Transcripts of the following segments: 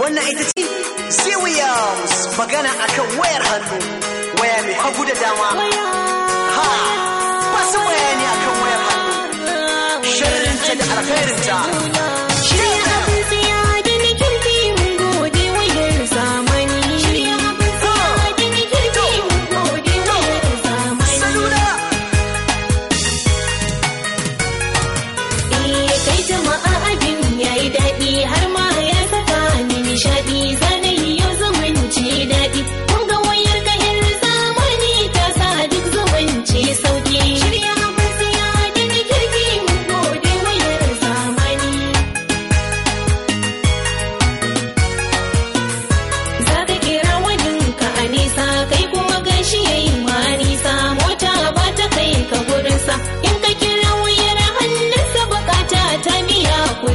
wannan ita ce Z Williams magana akan wayar hannu waya mai hagu da dama ha ba su bayani akan wayar hannu sharrinta da alkhairinta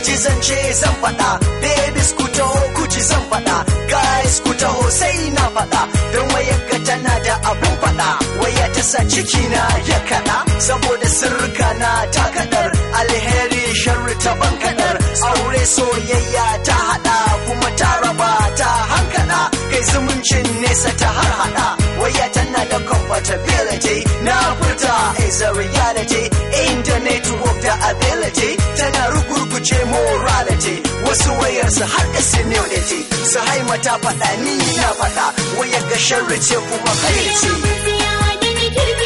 ku zance zan faɗa babies ku taho ku zan faɗa guys ku taho sai na faɗa don wayanka tana da abun faɗa waya ta sa ciki na ya kaɗa saboda sirrika na ta kaɗar alheri sharri ta ban kaɗar aure soyayya ta haɗa guje morality wasu wayar su har da senility su haima ta faɗa ni na faɗa wayar ga sharri ce kuma kai ce